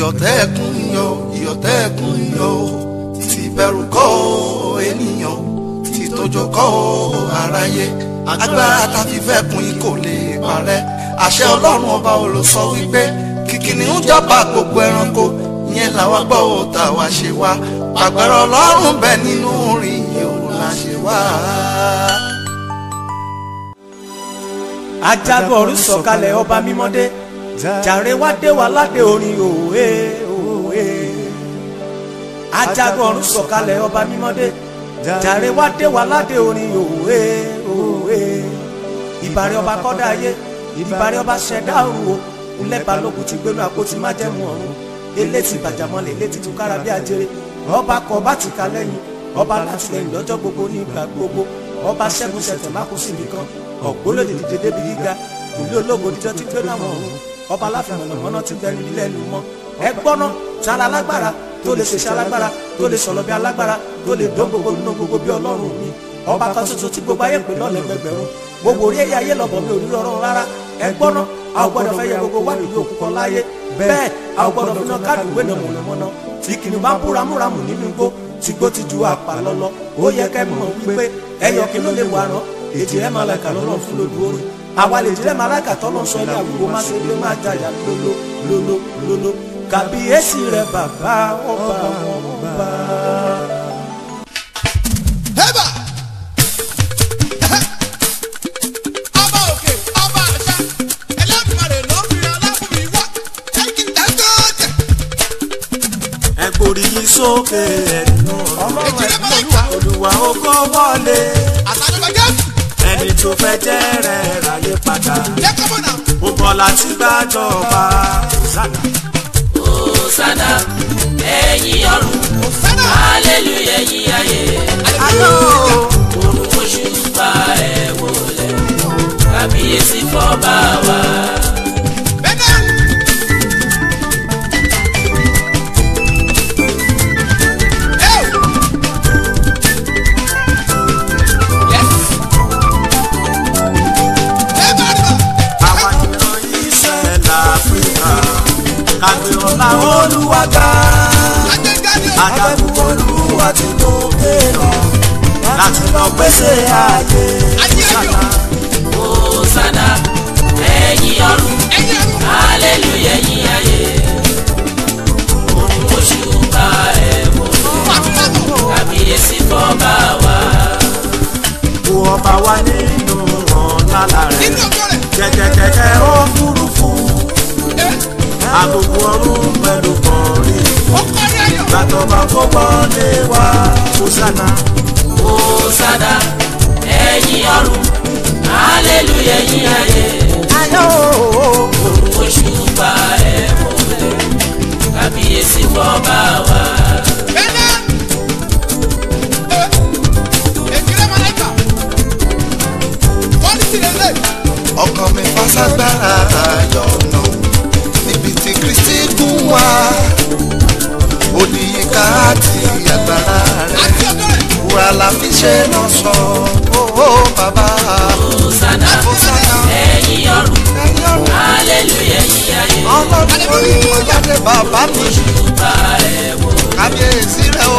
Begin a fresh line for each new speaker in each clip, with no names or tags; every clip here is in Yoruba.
ìyọ̀tẹ́ẹ̀kún yọ ìyọ̀tẹ́ẹ̀kún yọ ti bẹ̀rù kọ́ ènìyàn ti tọ́jọ́ kọ́ aráyé agbára ta fi fẹ́ kun ikò lè parẹ́ àṣẹ ọlọ́run ọba olùsọ wípé kìkìnì ń jọba gbogbo ẹranko ìyẹn làwa gbọ́ ò tà wá ṣe wá agbára ọlọ́run bẹ nínú rìn yòó là ṣe wá. ajagbọ̀rú sọ̀kalẹ̀ ọba mímọ́dé jàre wá dé wa ládé orin òwe òwe ajagun ọ̀run sọ̀kalẹ̀ ọba mímọ́dé jàre wá dé wa ládé orin òwe òwe ìbàrẹ̀ ọba kọ́dá ayé ìbàrẹ̀ ọba ṣẹ̀dá ọ̀run o ńlẹ́bàá lókun ti gbénu àpótí májẹ̀mú ọ̀run eléti bàjàmọ́lẹ̀ eléti tún kára bí ajere ọba kọ ọba ti ka lẹ́yìn ọba látìlẹ́yìn lọ́jọ́ gbogbo ní ìgbà gbogbo ọba ṣẹ́gun ṣẹ̀tẹ̀ má kú sí nìkan ọ̀gbọ́n lòdì dìde débi gíga ìlú ológo níjọ́ tí gbé náà wọ̀ ọba aláfin mọ̀nàmọ́ná ti gbẹnu nílẹ̀ lù mọ́ ẹ gbọ́ná sára alágbára tó lè ṣèṣe alágbára tó lè sọ̀rọ̀ bí alágbára tó lè dán gbogbo nínú gbogbo bí ọlọ́run mi ọba kan ṣoṣo tí gbogbo ayé pè lọ́lẹ̀ gbẹgbẹ̀rún gbogbo orí ẹ̀yà ayé lọ́bọ̀ mi ò ní rọrùn rárá ẹ gbọ́ná a ò gbọ́dọ̀ fẹ́ yẹ gbogbo wádìí òkú kan láyé bẹ́ẹ̀ a ò gbọ́dọ̀ fúnná kádùúgbé nà mọ̀nàmọ́ná tí kìnìún bá ń búramúramù nínú igbó tí gbó ti ju àpà lọ́lọ́ ó yẹ kẹ́ mọ̀ wípé ẹyọ kí ló lè wà rán èjì ẹ̀ máa lẹ̀ka lọ́rùn fún lójú àwa lè jílẹ̀ màláìkà tọ́lọ́ sọ ní àwùjọ má ṣe lé má jàyà lolo lolo lolo kàbíyèsí rẹ bàbá ọba ọba. orí yìí sókè ẹ̀dùn ọ̀rọ̀ ẹ̀dùn olúwa ó kọ́ wọlé. àtàlùbọ̀jẹ́ ẹni tó fẹ́ jẹ́ rẹ̀ ráyé padà ó bọ̀ láti gbàjọba Hosanna. Hosanna ẹ̀yin ọ̀run hallelujah ẹ̀yin ayé orun oṣù bá ẹ̀ wọlé kábíyèsí fọ́ bá wa. kàgbé ọ̀la olúwa ga adágún olúwa ti mú kéèrò láti lọ pèsè ààyè sànà. Hòsánà ẹ̀yin ọ̀run hallelujah ẹ̀yin ayé ohun oṣù ká ẹ̀ mọ̀ kábíyèsí fọ́ba wa. ọba wa nínú ọ̀nà lára rẹ̀ kẹ̀kẹ̀kẹ̀kẹ̀ ó fúrufú àbùkù ọ̀run pẹ̀lú kọ̀ọ̀rí. Bàtọ̀ bá kó wọlé wá Hosana. Hosana ẹ̀yin ọ̀run, hallelujah ẹ̀yin ayé. Ayọ̀ ooo. Oṣù bá ẹ̀ mọ́lẹ̀, kábíyèsí wọ́n bá wà.
ọkàn mi fasagbára
ayọ̀ fún wa oníyíká àti agbára rẹ̀ wúrà la fi ṣe náà sọ ó bàbá. Hòsánà ẹ̀yin ọ̀run hallelujah ẹ̀yin ayé. Ọlọ́run orí ìmọ̀jáde bàbá mi. Oṣù bá ẹ̀ Kábíyèsí rẹ̀ o.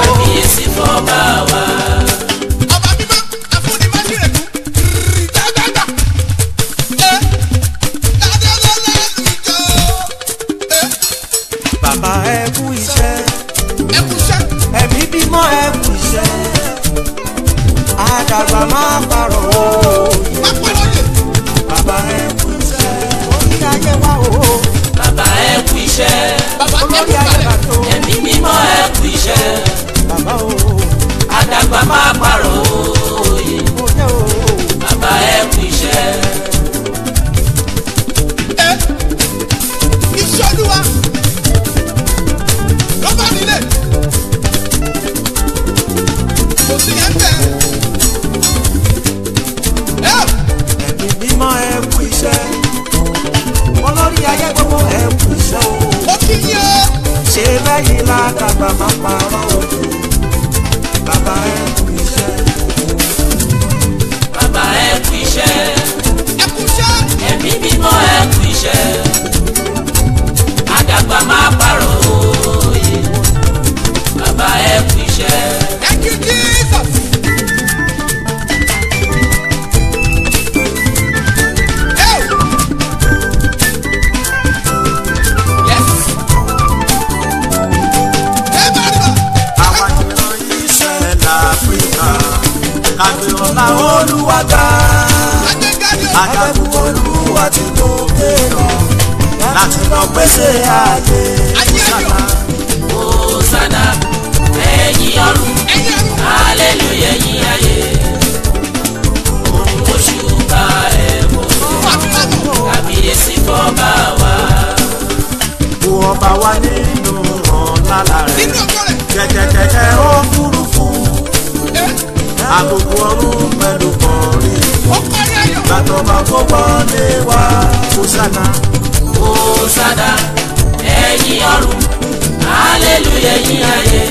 àgbè ọ̀la olúwa ga àjàgùn ti tó kéèyàn láti lọ pèsè ààyè sànà. Hòsánà ẹ̀yin ọ̀run hallelujah ẹ̀yin ayé òun oṣù ká ẹ̀bùn kàbíyèsí fọ́ba wa. Wo ọba wa nínú ọ̀la rẹ̀ jẹ́jẹ́jẹ́jẹ́ ó kúrò àkókò ọ̀run pẹ̀lú kọrin. Ìgbàdàn bá kó wọlé wá. Hòsánà. Hòsánà ẹ̀yin ọ̀run, hallelujah ẹ̀yin ayé.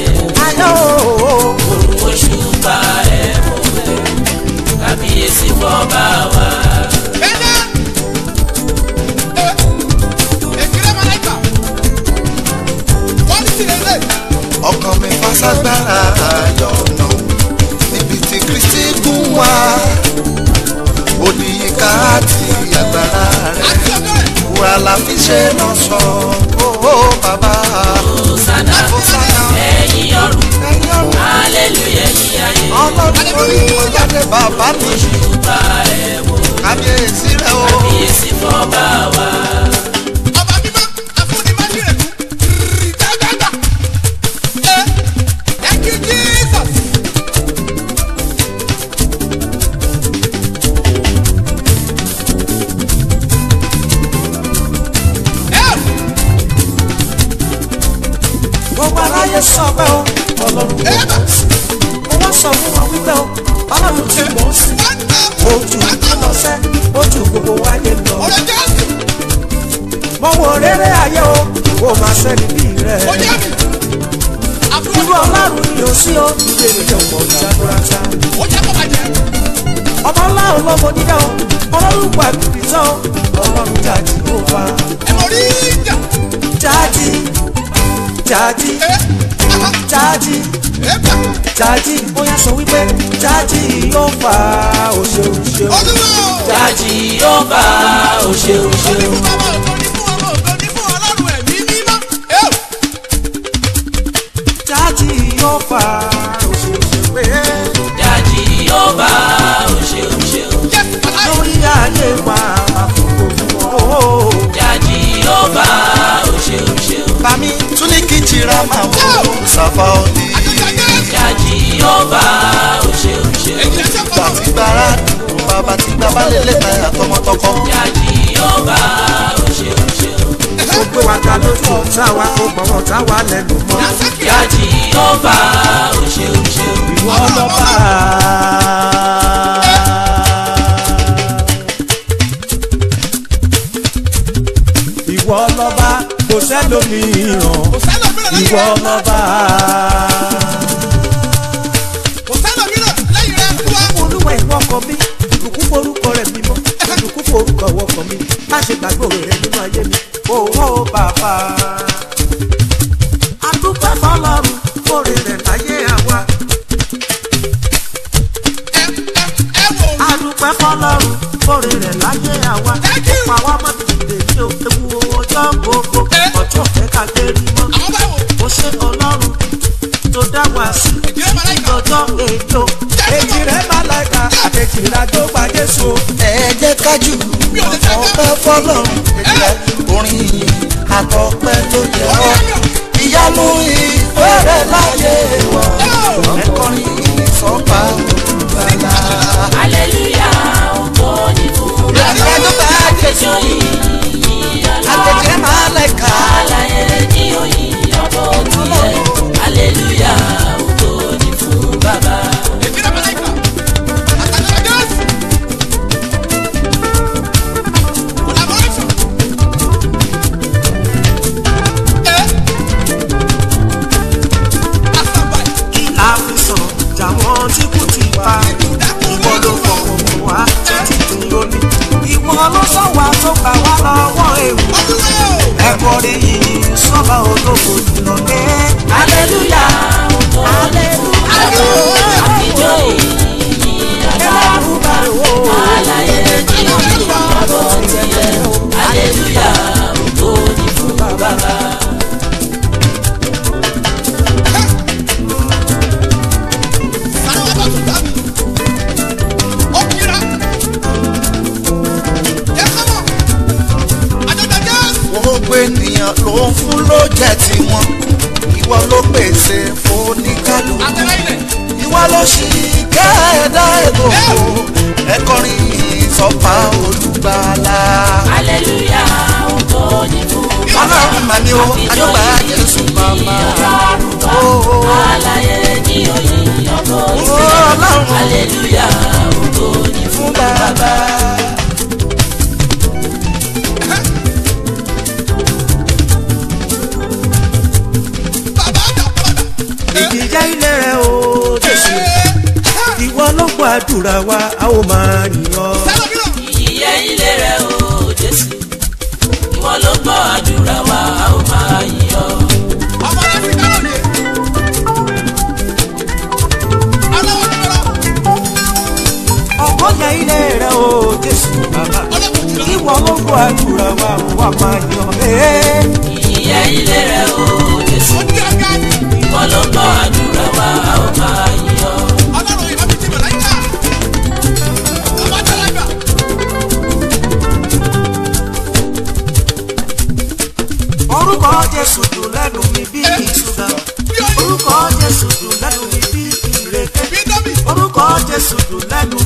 Ayọ̀ ooo. Òrùn oṣù bá ẹ̀ mọ̀ ẹ́, kábíyèsí fọ́ bá wa. ọkàn mi fasagbára ayọ̀ wa oníyíká àti agbára rẹ̀ wà láfi náà sọ. chaji ó yá sọ wípé chaji yóò fa òṣè òṣè o chaji yóò fa òṣè òṣè o. chaji yóò fa òṣè òṣè o. chaji yóò fa òṣè òṣè o. lórí ayé wa àfọwọ́ fún ọ. chaji yóò fa òṣè òṣè o. bàmí tún ní kí n jìra máa. bá lè lè tẹ àtọmọtọkọ. yàtì yóò bá òṣèlú ṣe o. ó gbé wa ta lójú ọ̀tá wa kó gbọ̀wọ́ tá lẹ́nu mọ́. yàtì yóò bá òṣèlú ṣe o. ìwọ ọlọ́ba. ìwọ ọlọ́ba kò sẹ́lòmíràn ìwọ ọlọ́ba. kò sẹ́lòmíràn lẹ́yìn rẹ̀ kú wa. olúwa ìwọ kọ bí orúkọ wọkàn mi má ṣe gbàgbọ́ rẹ nínú ayé mi owó bàbá. àdúpẹ́ fọlọ́run kórè rẹ̀ láyé àwa. àdúpẹ́ fọlọ́run kórè rẹ̀ láyé àwa. pàwọ́ mọ́ ti dè ní ewu ọjọ́ gbogbo ọjọ́ fẹ́ ká lérí mọ́. mo ṣe ọlọ́run tó dá wa sí ìdọ́jọ́ èjò. èjì rẹ̀ máa láìka àtẹ̀jìlá tó gba so ṣáájú ọpẹ́ fọ́lọ́run orin àtọpẹ́ tó jẹ ọ ìyanu ìfẹrẹ láyé wa ọkọrin sọpá olùbàlà. aleluya ògbó ni kò rẹ lọ àtẹjọ yìí àtẹjẹ máa lẹka àlàyé ni òyìn ọgbọ òbí. agbórí yìí sọ́ba olóko jùlọ dé. aleluya aleluya àtijọ́ yìí aláàbùbá àlàyé tí ó ní bàbá tiẹ̀ aleluya ògo ni fún bàbá. òun fún ló jẹ́ tiwọn ìwọ ló pèsè foníkàdó ìwọ ló ṣì kẹ́ẹ̀dá ètò ẹ̀kọrin ìsọ̀fà olùgbàlà. aleluya ògo ni bàbá ọlọ́run mà ní o adúgbà jésù oh, oh, oh. bàbá alaye ni oyè aleluya ògo ni bàbá. gbàdúrà wa a ó máa yìn ọ́.
ìyẹ́ ilé rẹ̀
o Jésù ìwọ ló gbọ́ àdúrà wa a ó máa yìn ọ́. ọ̀pọ̀lọpọ̀ ilé rẹ̀ o Jésù bàbá ìwọ ló gbọ́ àdúrà wa wà máa yìn ọ́. ìyẹ́ ilé rẹ̀ o Jésù ìwọ ló gbọ́ àdúrà wa a ó máa yìn ọ́. sou do lado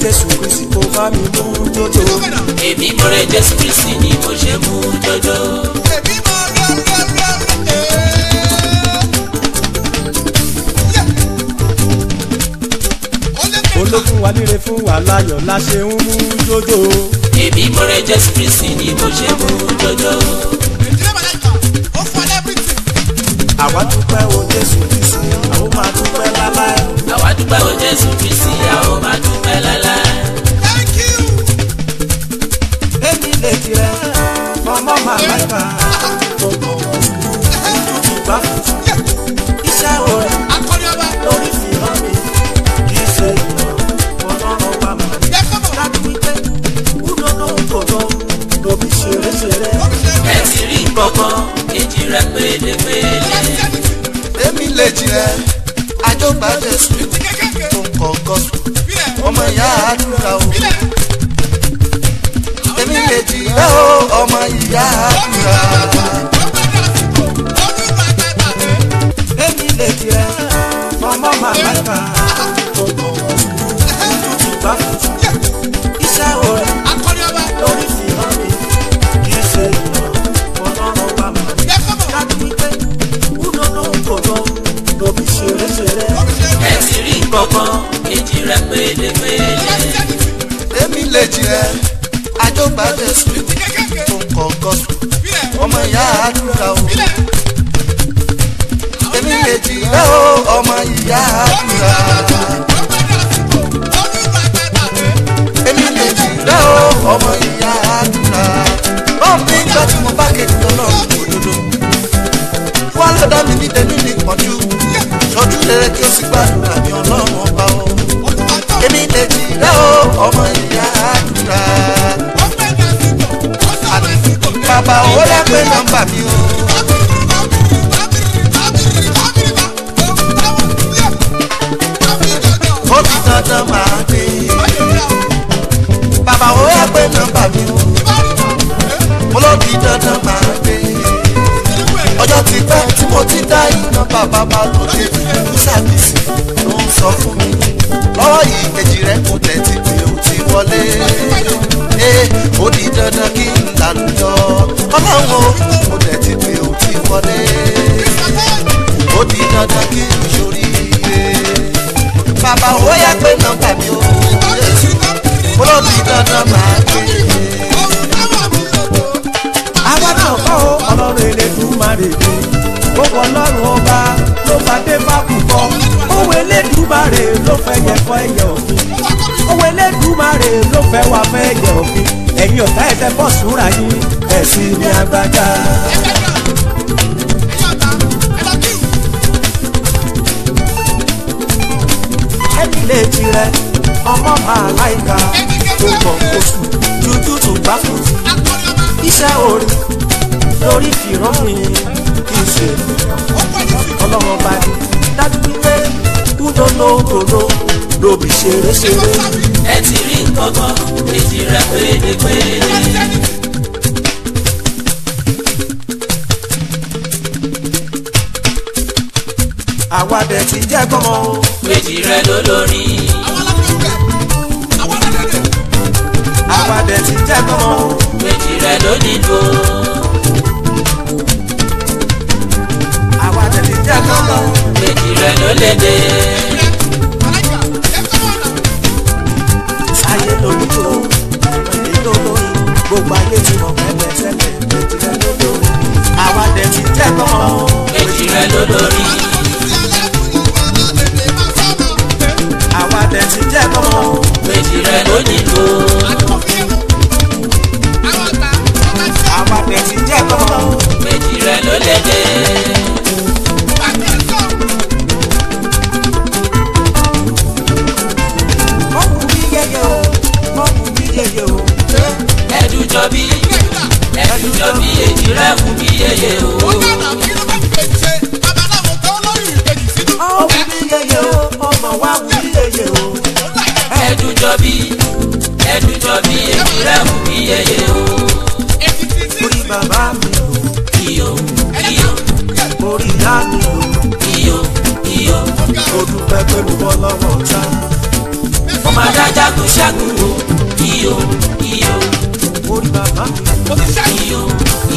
Jésù Kristi kó bá mi mú jòjò.
Èmi mo rẹ Jésù
Kristi ni mo ṣe mú jòjò. Èmi mo rẹ rẹ rẹ. Olókun wa líre fún wa láyọ̀ la ṣe ń mú jòjò. Èmi mo rẹ Jésù Kristi ni mo ṣe mú jòjò. Àwa dúpẹ́ o Jésù Kristi, àwọn máa dúpẹ́ o Jésù Kristi a ó máa dúpẹ́ lálẹ́. Thank you. èmi lè jẹ ọmọ màmá ìbá bá iṣẹ́ orin lórí fi hàn mí kì í ṣe ìlọ ọlọ́run wa mọ̀ ní. dájú wípé kúndóńdó kò lọ lóbi ṣeré ṣeré. ẹ ti rí nǹkan kan èjì rẹ pélépélé. èmi lè jẹ tó bá jésù tó ń kọ gọ́sù ọmọ ìyá àdúrà o èmi lè jìrẹ́ o ọmọ ìyá àdúrà èmi lè jìrẹ́ ọmọ màmá kan. ọ̀kan èjì rẹ̀ pélépélé. èmi lè jìrẹ́ àjọgbàdé sùn tó ń kọ́ gọ́sùn ọmọ ìyá àdúrà o. èmi lè jìrẹ́ o ọmọ ìyá àdúrà. èmi lè jìrẹ́ o ọmọ ìyá àdúrà. bọ́ọ̀mù nígbà tí mo bá kejì tó náà òdodo. wọ́n lọ́dọ̀ mi ní tẹ́lú ní pọ̀jù sọ́jú rere kí ó sì gbádùn. gbàgà. ẹnìlé tirẹ̀ ọmọ máa láìka tó pọ̀ oṣù dúdú tó bá kú iṣẹ́ orí lórí fìràn mi kì bá ní dájú wípé kúndóńdó òdòdó lóbi ṣeré ṣeré. ẹ ti rí nǹkan kan èjì rẹ péréde péréde. àwa dẹ̀ ti jẹ́ gbọ́mọ. péjì rẹ ló lórí. àwa dẹ̀ ti jẹ́ gbọ́mọ. péjì rẹ ló dìbò. àwa dẹ̀ ti jẹ́ gbọ́mọ. péjì rẹ ló lédè. ayé lórí lórí gbogbo ayé ti mọ̀ pẹ́pẹ́ sẹ́pẹ́ péjì rẹ ló àwa dẹ̀ ti jẹ́ gbọ́mọ. péjì rẹ ló tẹ̀sí jẹ́ kọ́mọ. méjì rẹ ló ní tó. àwa tẹ̀sí jẹ́ kọ́mọ. méjì rẹ ló lè dé. mọ̀kù bí yẹyẹ o mọ̀kù bí yẹyẹ o. ẹdùjọ bí ẹdùjọ bí èjì rẹ kù bí yẹyẹ o. jọbí ẹnu jọbí ewúrẹ́ wù mí yeye o. orí bàbá mi lò iyo iyo orí ìyá mi lò iyo iyo olùpẹ̀ pẹ̀lú ọlọ́wọ́ ta. mo máa dá jagun o iyo iyo orí bàbá mi lò iyo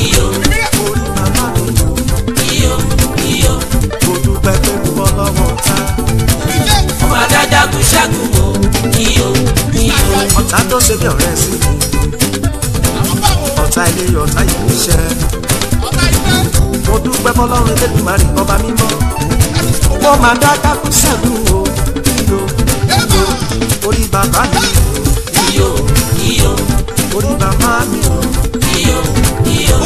iyo. ọ̀tá tó ṣe bí ọ̀rẹ́ sí i ọ̀tá ilé ọ̀tá ìlú iṣẹ́ mo dúpẹ́ fọlọ́run lẹ́nu máa rí ọba mímọ́ ó máa dá kákú sẹ́nu o iyo iyo orí bàbá mi iyo iyo orí bàbá mi iyo iyo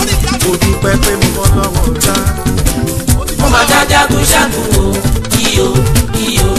mo dúpẹ́ pé mo mọ́ lọ́wọ́ ọ̀tá ó máa dá kákú sẹ́nu o iyo iyo.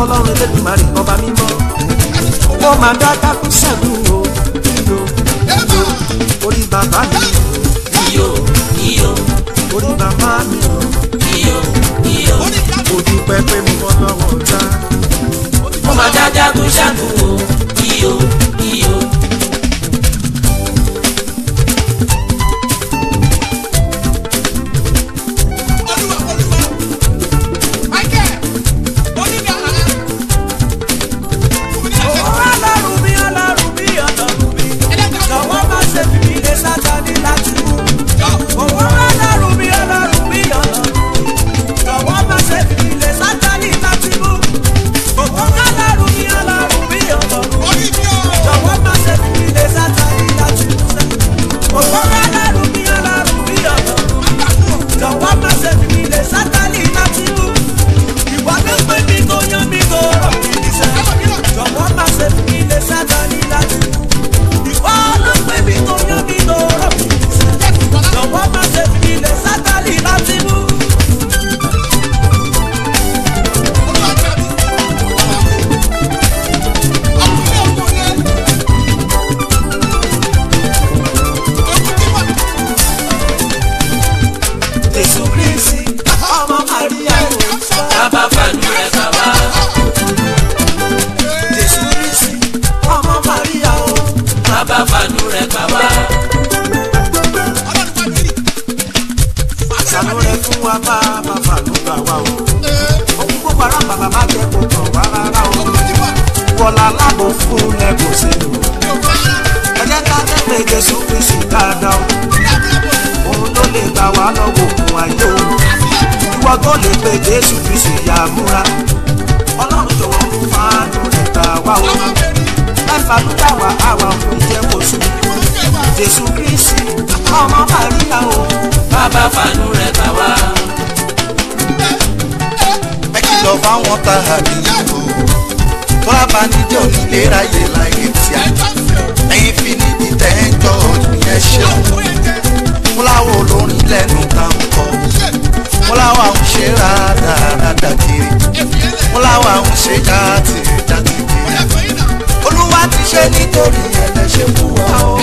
fọlọ́run lẹ́dùnmarì ọba mímọ́ ó máa dá kákú sẹ́gun o iyo orí bàbá mi iyo iyo orí bàbá mi iyo iyo ojú pẹpẹ mú ọlọ́wọ́ ta ó máa dá kákú sẹ́gun o iyo. ṣe jáde jáde olúwa ti ṣe nítorí ẹ̀lẹ́ ṣe wù wá o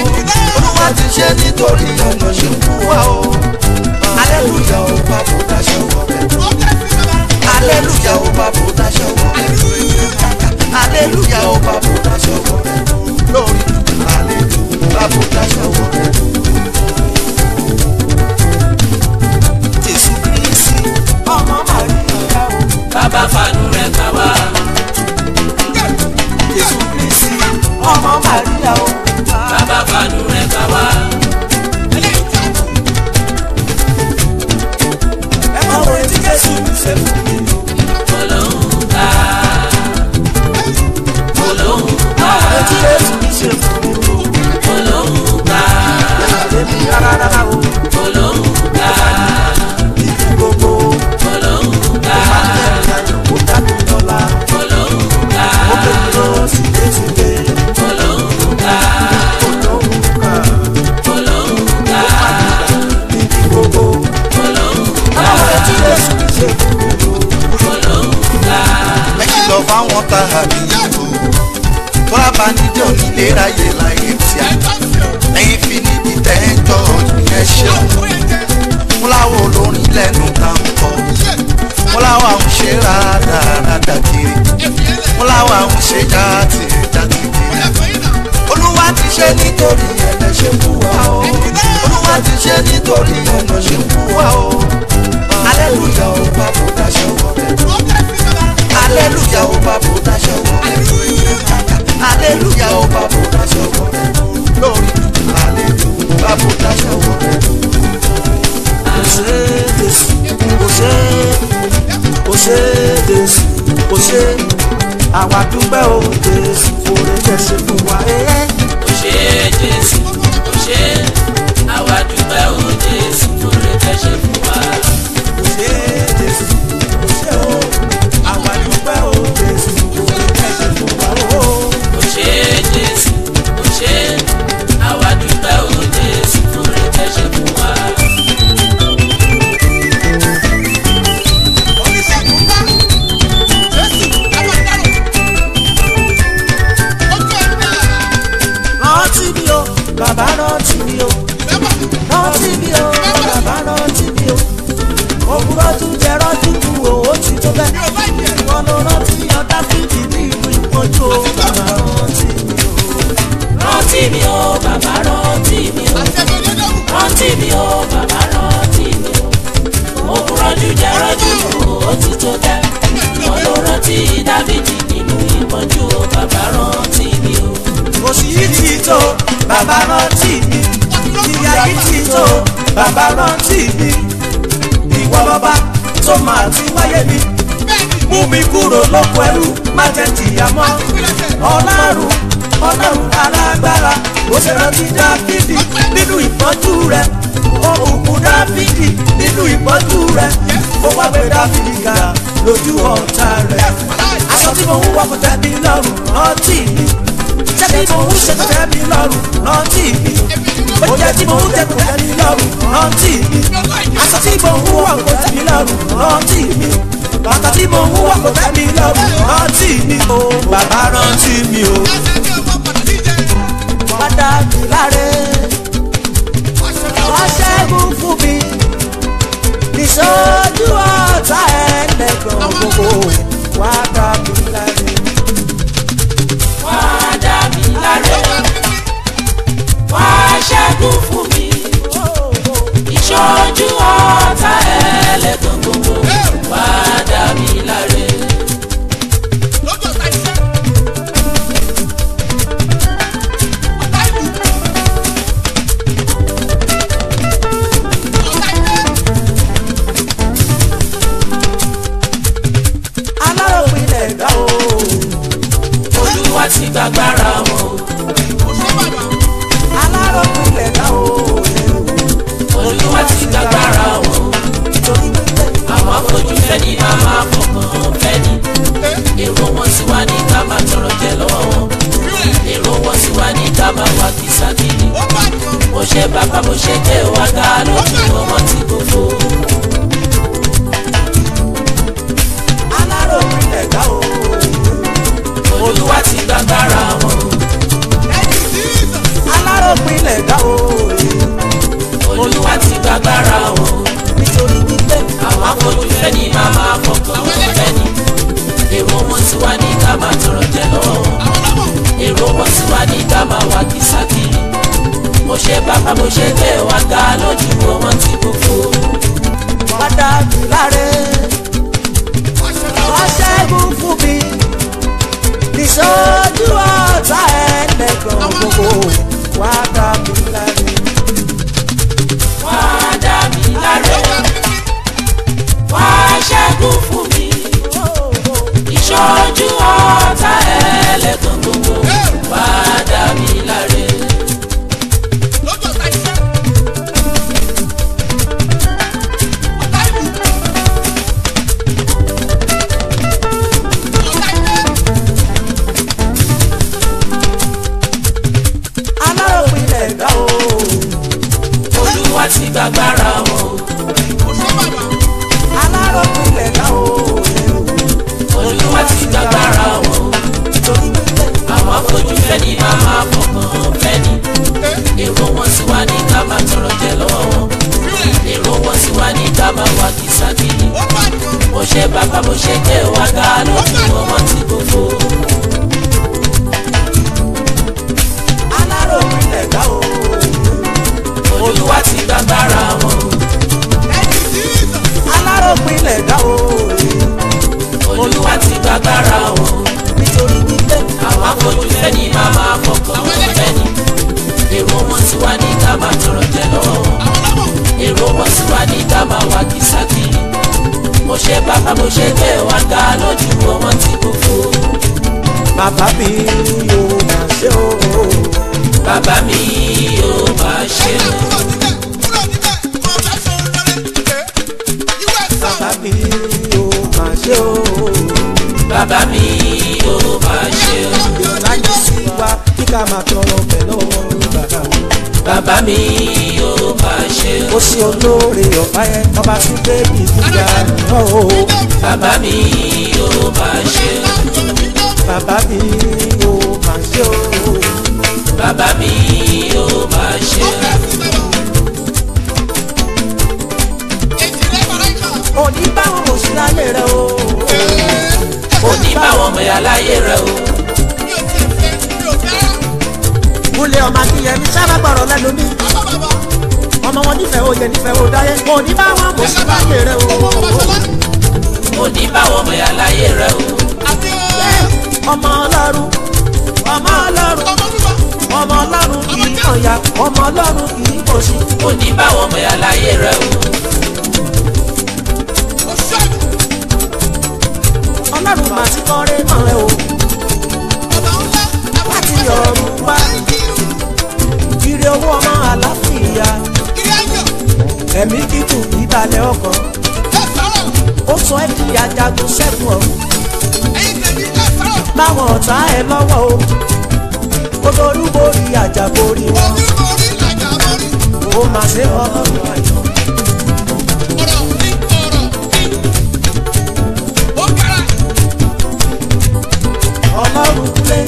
olúwa ti ṣe nítorí ọ̀nà ṣe wù wá o aleluya o bàbá òdà ṣe wọ bẹ́ẹ̀ aleluya o bàbá òdà ṣe wọ bẹ́ẹ̀ aleluya o bàbá òdà ṣe wọ bẹ́ẹ̀ lórí aleluya bàbá òdà ṣe wọ bẹ́ẹ̀. bàbá fanu rẹ̀ gbà wá. ọmọ màríà o. bàbá fàánú rẹ̀ bá wá.
ẹ máa wọ etí Jésù ṣe fún.
fáwọn tá a bí ìbò tó abánidé onílé ráyè láyé tíá ẹ̀yin fi níbi tẹ́ ẹ jọ ọdún ẹ ṣeun múláwó olórin lẹ́nu tá kọ́ múláwó àwọn ṣe rádaràdà kiri múláwó àwọn ṣe jáde jáde kiri olúwa ti ṣe nítorí ẹ̀dá ṣe fún wa o olúwa ti ṣe nítorí ẹ̀dá ṣe fún wa o alẹ́ ló bá bó dá ṣe aleluya o bàbá o dáṣọ wọ. aleluya o bàbá o dáṣọ wọ. lórí aleluya o bàbá o dáṣọ wọ. kò ṣe é dèsì kò ṣe é kò ṣe é dèsì kò ṣe é àwa dúpẹ́ o dèsì òrè jẹ̀sí fún wa. kò ṣe é dèsì kò o dèsì òrè jẹ̀sí fún wa. ọlọ́run alágbára ó ṣe rántí dáfídì nínú ìpọ́njú rẹ̀ ó bùkún dáfídì nínú ìpọ́njú rẹ̀ ó wá gbé dáfídì ga lójú ọ̀tá rẹ̀ aṣọ tí mo ń wọ̀ kò lọ́rùn rántí mi jẹ́ bí mo ń ṣe kò lọ́rùn rántí mi ó jẹ́ tí mo ń tẹ́ kò lọ́rùn rántí mi aṣọ tí mo ń wọ̀ kò lọ́rùn rántí mi bàtà tí mo ń wọ̀ kò lọ́rùn rántí mi bàbá rántí mi o wá dá mi láre wá ṣẹ́gun fún mi ìṣojú ọ̀tá ẹlẹ́gàn gbogbo ìlú. àbòṣègbè wa ga lójú wọn ti kúkú. padà bí láre wá ṣẹ́gun fún mi níṣojú ọ̀tá ẹlẹ́gàn gbogbo wa bẹ̀rẹ̀. le wáyé ọba tí bébì ti gbà lọ o. bàbá mi yóò bá ṣe o. bàbá mi yóò bá ṣe o. bàbá mi yóò bá ṣe o. òní báwọn mò láyé rẹ o. òní báwọn mò ń láyé rẹ o. múlẹ̀ ọmọ akínyẹmí sábà gbọ́rọ̀ lẹ́nu mi ọmọ wọn nífẹ̀ẹ́ oyè nífẹ̀ẹ́ odáyé òní bá wọn mọ̀ sí láyé rẹ o. òní bá wọn mọ̀ yà láyé rẹ o. ọmọ ọlọ́run ọmọ ọlọ́run ọmọ ọlọ́run kì í kànyà ọmọ ọlọ́run kì í kòṣì. òní bá wọn mọ̀ yà láyé rẹ o. ọlọ́run máa ti kọ́rẹ́ mọ́ ẹ o. láti ọ̀run wá ire owó ọmọ àlàáfíà ẹ̀mí kíkù ìbàlẹ̀ ọkọ̀ ó sọ ẹ́ di ajagun ṣẹ́gun ọ̀run báwọn ọ̀tá ẹ lọ́wọ́ o ó dorúborí àjàborí wọn ó mà ṣe ọlọ́run ayọ̀. ọlọ́run kúlẹ̀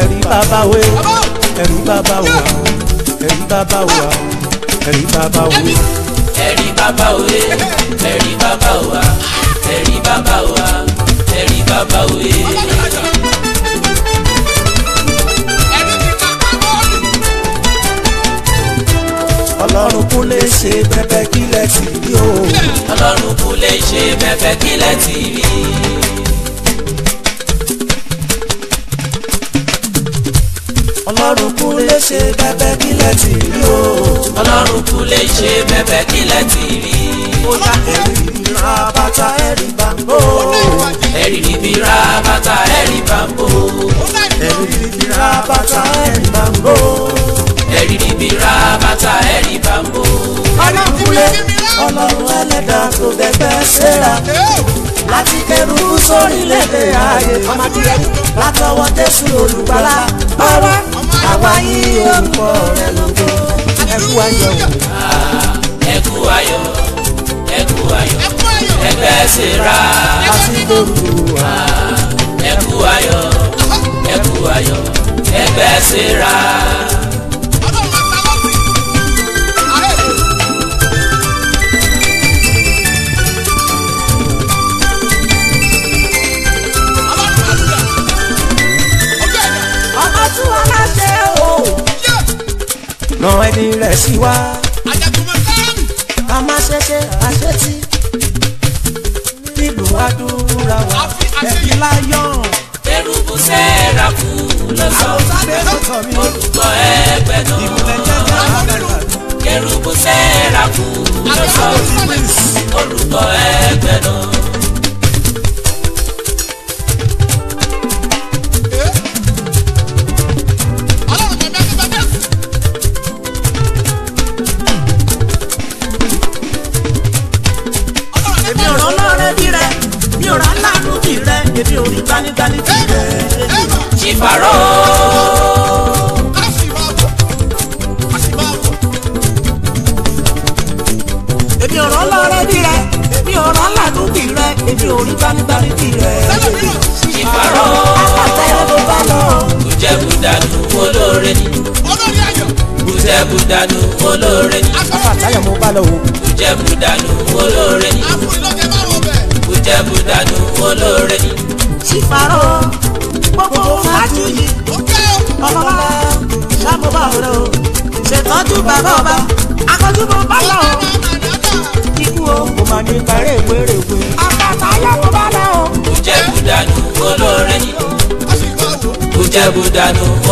ẹ̀rí bàbá wẹ̀ ẹ̀rí bàbá wà ẹ̀rí bàbá wà ẹ̀rí bàbá wẹ̀ bàbá òwe ẹ̀rí bàbá òwa ẹ̀rí bàbá òwa ẹ̀rí bàbá òwe. ọlọ́run kún lè ṣe pẹpẹ kílẹ̀ tì rí o. ọlọ́run kún lè ṣe pẹpẹ kílẹ̀ tì rí. ọlọ́run kún lè ṣe pẹpẹ kílẹ̀ tì rí o ọlọ́run kú lè ṣe bẹ́bẹ́ kílẹ̀ tì rí. ó yá ẹ̀rí ra bàtà ẹ̀rí bàbò. ẹ̀rí ríbi ra bàtà ẹ̀rí bàbò. ẹ̀rí ríbi ra bàtà ẹ̀rí bàbò. ẹ̀rí ríbi ra bàtà ẹ̀rí bàbò. ọlọ́run kú lè ọlọ́run ẹlẹ́dàá tó bẹ́gbẹ́ ṣẹ́ra láti kẹrù sórílẹ̀-èdè ààyè ọmọdé látọwọ́ Jésù olùgbàlà bá àwa yìí orúkọ rẹ̀ lọ́gbọ́n ẹkú ayọ̀ o. ẹkú ayọ̀ ẹkú ayọ̀ ẹgbẹ́ sèrà. a ti lóru ẹkú ayọ̀ ẹkú ayọ̀ ẹgbẹ́ sèrà. na ẹni rẹ̀ sí wá. a máa ṣẹṣẹ àṣetí nílùú àdúrà wa ẹbí láyọ̀. eruku sẹ́ẹ̀ràkù ló sọ olùkọ́ ẹgbẹ́ náà. eruku sẹ́ẹ̀ràkù ló sọ olùkọ́ ẹgbẹ́ náà.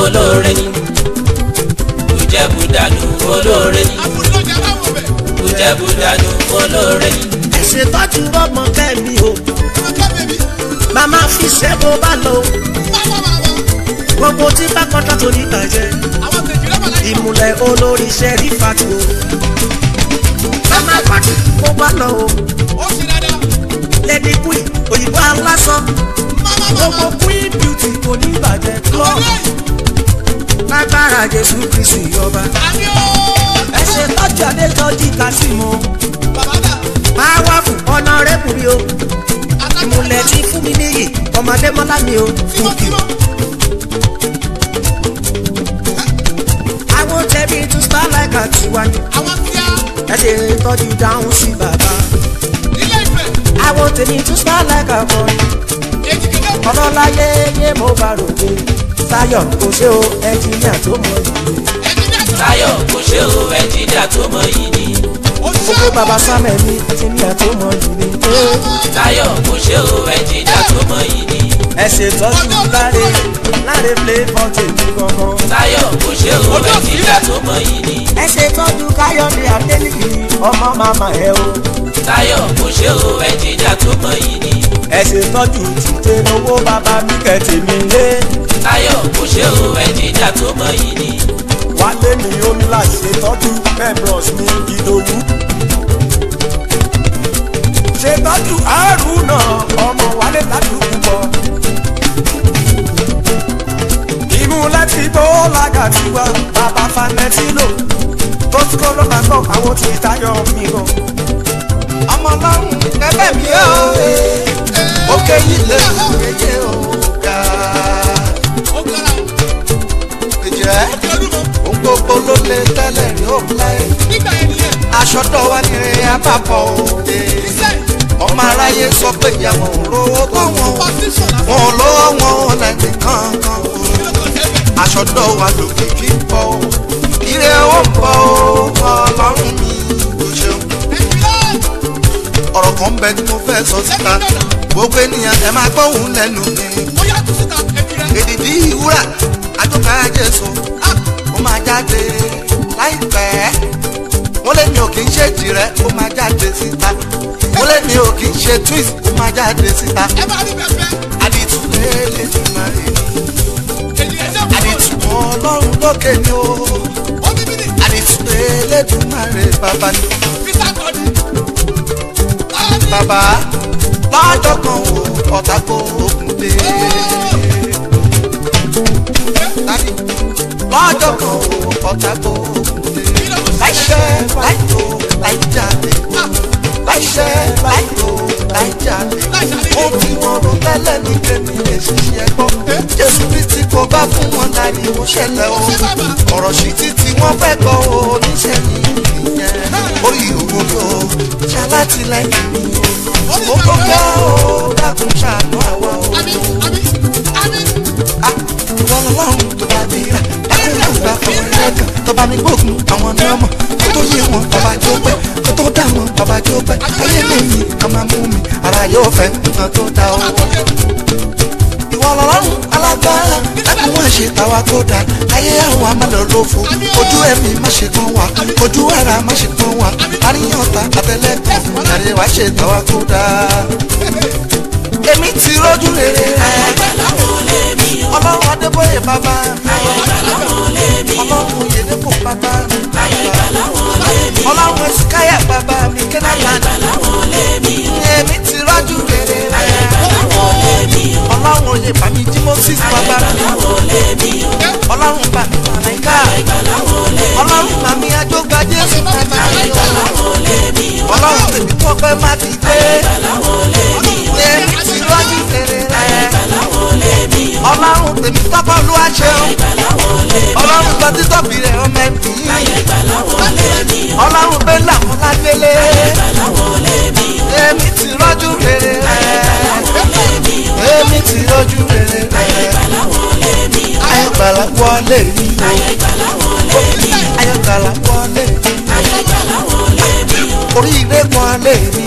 olóore ni ìjẹ̀bùdànù olóore ni ìjẹ̀bùdànù olóore ni. ẹ ṣe tọ́jú bọ́mọ kẹ́mi o màmá fi ṣe bó bá lọ gbogbo tí bá kọ́tà tó ní ìtàjẹ́ ìmùlẹ̀ olórí iṣẹ́ rí fatu o màmá pàtó bó bá lọ o lẹ́ni kúì òyìnbó alásán gbogbo queen beauty kò ní ìbàjẹ́ club lágbára Jésù Kristi ọba. ẹ ṣe tọ́jú adétọ́jú kásímù. báwa fún ọ̀nà rẹ̀ kùrí o. ìmùlẹ̀ ti fún mi níyì ọmọdé mọ́lá mi o. àwọn tẹ̀mí tún star like àtiwá ni. ẹ ṣe tọ́jú dáhùn sí bàbá. àwọn tẹ̀mí tún star like àkọni. ọlọ́láyé yé mo bá ròde. Táyọ̀ kò ṣe o ẹnjìnìà tó mọ yìí. Táyọ̀ kò ṣe o ẹnjìnìà tó mọ yìí ni gbogbo bàbá sámẹ̀ ní ẹnjìníà tó mọ yìí ni. Táyọ̀ kò ṣe o ẹnjìníà tó mọ yìí ni. ẹ ṣètọ́jú láre láre play voltage gangan. Táyọ̀ kò ṣe o ẹnjìníà tó mọ yìí ni. ẹ ṣètọ́jú Káyọ̀dé Adélìkì ọmọ màmá ẹ o. Táyọ̀ kò ṣe o ẹnjìníà tó mọ yìí ni. ẹ ṣètọ́jú títẹ owó bàbá mi kẹ̀tì mi lé. Táyọ̀ kò ṣe o ẹnjìníà tó mọ yìí ni. wálé mi ó ń lè tọ́jú bẹ́ẹ̀ bros ní ìdòwú. ṣe tọ́jú àárú náà ọmọ wálé tọ́jú púpọ̀. ìmú láti bó lága tiwa bàbá fanẹtìlò tó tún kọ́ lọ́ba náà àwọn tí táyọ̀ mi gan. ọmọ ọlọ́run ẹgbẹ́ mi ó òkè yìí lè fún méje ó ga. ó jẹ́ gbogbo ló lè tẹ́lẹ̀ rí òun láyé. aṣọ tọwọ́ ni abáfọ̀ òde. ọmọ aráyé sọ pé ìyàwó rówó tó wọn wọn lọ́wọ́ wọn lẹ́gbẹ̀ẹ́ kankan. aṣọ tọwọ́ lòkè kí n bọ̀ ọ́ ó ń bọ̀ ọlọ́run mi ò ṣeun. ọ̀rọ̀ kan bẹ tí mo fẹ́ sọ síta gbogbo ènìyàn ẹ máa gbọ́ òun lẹ́nu mi. èdìdí ìwúrà àjọkà jésù ó máa jáde láìpẹ́ wọ́n lé mi ò kì í ṣe tìrẹ́ ó máa jáde síta wọ́n lé mi ò kì í ṣe twist ó máa jáde síta. àdìtú lélẹ̀ ti máa rè àdìtú ọlọ́run lókè ni ó àdìtú lélẹ̀ ti máa rè bàbá ni. bàbá lọ́jọ́ kan ò ọ̀tá kó òkun dé. lọ́jọ́ kan ọ̀tá kò láìṣẹ́ láìtó láìjáde láìṣẹ́ láìtó láìjáde ohun tí wọ́n rò tẹ́lẹ̀ ní kẹ́mi lè ṣiṣẹ́ gbọ́ jésù kristi kò bá fún wọn láàyè ó ṣẹlẹ̀ o ọ̀rọ̀ sí títí wọ́n fẹ́ gbọ́ o níṣẹ́ ní ìyẹn ó yí owó lọ ṣalátìlẹ́yìn mi o tó fẹ́ o dákun ṣàánú àwa o. Àmín àmín àmín. Ìwọ lọ́lọ́run tó bá dé rà bá fọwọ́ lẹ́gàn tọba mi gbógun àwọn náà mọ̀ kó tó yé wọn bàbá jó pẹ́ kó tó dá wọn bàbá jó pẹ́ ayé lẹ́yìn kan máa mú mi ara yóò fẹ́ nǹkan tó dá o. ìwọ lọ́rùn alágbára láti wọ́n ṣe tàwa tó dá ayé àwọn amálòlófo ojú ẹ̀mí má ṣe kàn wá ojú ara má ṣe kàn wá àríyàn ta àtẹlẹ́kùn àríwá ṣe tàwa tó dá èmi ti rójú rere. àyàgbẹ́ lọ́wọ́ lé mi o. ọlọ́run adébóyè bàbá. àyàgbẹ́ lọ́wọ́ lé mi o. ọlọ́run oyèdèpọ̀ bàbá. mi o. ọlọ́run bàbá mi kẹ́nà kan. èmi ti rójú rere. àyàgbẹ́ lọ́wọ́ lé mi jí moses bàbá mi. tèmi tọ́pọ̀ olúwa ṣeun ọlọ́run sọ títọ́bì rẹ̀ ọmọ ẹ̀bí ọlọ́run pé làwọn ládélé èmi ti rọ́jú rere èmi ti rọ́jú rere ayọ̀gbàlà wọlé mi o ayọ̀gbàlà wọlé mi oríire wọlé mi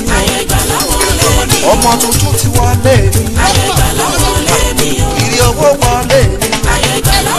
o ọmọ tuntun ti wọlé mi ire owó wọlé.